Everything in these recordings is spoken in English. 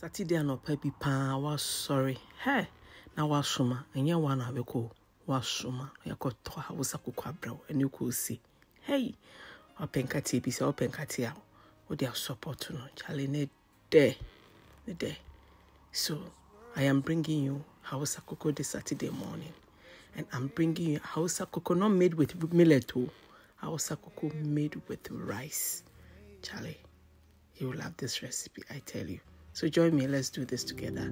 Saturday anɔpa bi was sorry. Hey, na wasoma ɛnyɛ wa na abɛkɔ wasoma yɛkɔtɔ a wosa koko abrɛw ɛne see. Hey, wapɛ nkateɛ bi sɛ wopɛ nkateɛ a wode support no Charlie. ne de, ne de. so i am bringing you hausa cocoa this saturday morning and i'm bringing you hausa cocoa not made with millet o hausa cocoa made with rice charlie you will love this recipe i tell you so join me, let's do this together.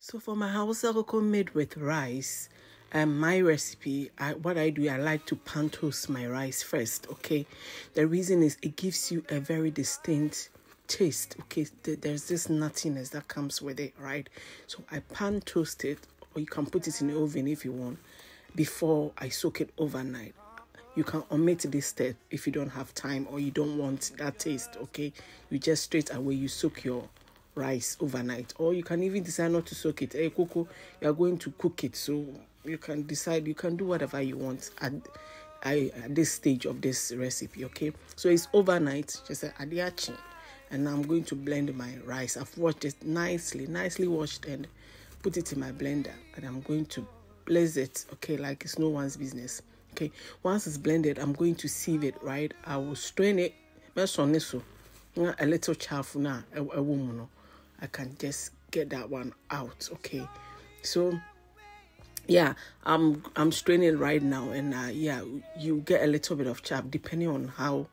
So for my house, I'll Roko made with rice, um, my recipe, I, what I do, I like to pan toast my rice first, okay? The reason is it gives you a very distinct taste, okay? There's this nuttiness that comes with it, right? So I pan toast it, or you can put it in the oven if you want, before I soak it overnight. You can omit this step if you don't have time or you don't want that taste, okay? You just straight away, you soak your rice overnight or you can even decide not to soak it hey coco you are going to cook it so you can decide you can do whatever you want at, at this stage of this recipe okay so it's overnight just a adiachi and i'm going to blend my rice i've washed it nicely nicely washed and put it in my blender and i'm going to bless it okay like it's no one's business okay once it's blended i'm going to sieve it right i will strain it a little chaff now a woman i can just get that one out okay so yeah i'm i'm straining right now and uh, yeah you get a little bit of chaff depending on how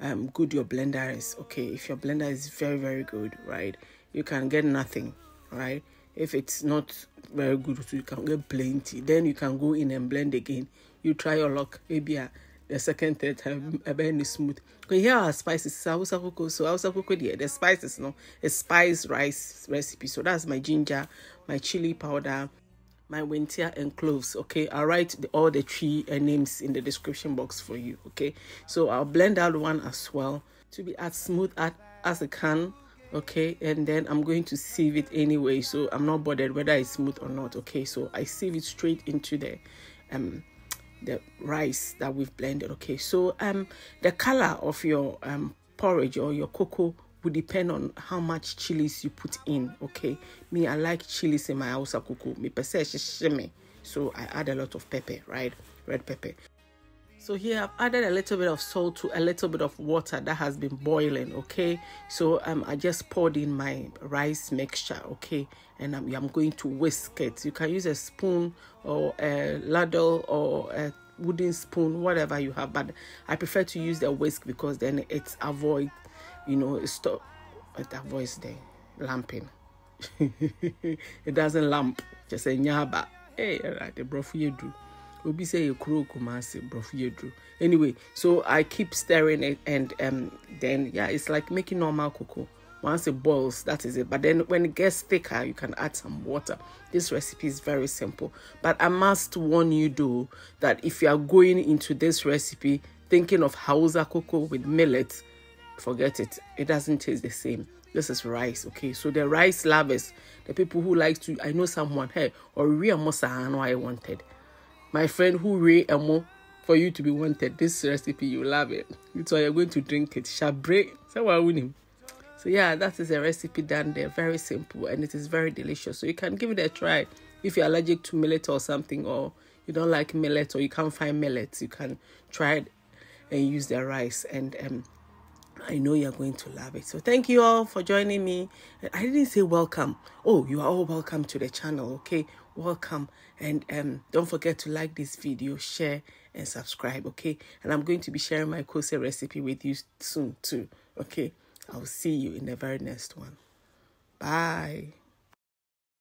um, good your blender is okay if your blender is very very good right you can get nothing right if it's not very good so you can get plenty then you can go in and blend again you try your luck maybe uh, the second third time a be smooth because here are spices so I was the spices no a spice rice recipe so that's my ginger my chili powder my winter and clothes okay i'll write the, all the three uh, names in the description box for you okay so i'll blend out one as well to be as smooth as, as i can okay and then i'm going to sieve it anyway so i'm not bothered whether it's smooth or not okay so i sieve it straight into the um the rice that we've blended okay so um the color of your um porridge or your cocoa would depend on how much chilies you put in. Okay, me, I like chilies in my house. kuku. me pese So I add a lot of pepper, right? Red pepper. So here I've added a little bit of salt to a little bit of water that has been boiling, okay? So um, I just poured in my rice mixture, okay? And I'm, I'm going to whisk it. You can use a spoon or a ladle or a wooden spoon, whatever you have, but I prefer to use the whisk because then it avoids you know, stop that voice there, lamping. it doesn't lamp, just say nyaba. Hey, all right, the broth you do. Obi say a crook kumasi you do. Anyway, so I keep stirring it and um then yeah, it's like making normal cocoa. Once it boils, that is it. But then when it gets thicker, you can add some water. This recipe is very simple. But I must warn you though that if you are going into this recipe thinking of Hausa cocoa with millet, forget it it doesn't taste the same this is rice okay so the rice lovers the people who like to i know someone hey or re amo i wanted my friend who re emo for you to be wanted this recipe you love it so you're going to drink it shabre so yeah that is a recipe done there very simple and it is very delicious so you can give it a try if you're allergic to millet or something or you don't like millet or you can't find millet you can try it and use the rice and um I know you're going to love it. So thank you all for joining me. I didn't say welcome. Oh, you are all welcome to the channel, okay? Welcome. And um, don't forget to like this video, share, and subscribe, okay? And I'm going to be sharing my kose recipe with you soon too, okay? I'll see you in the very next one. Bye.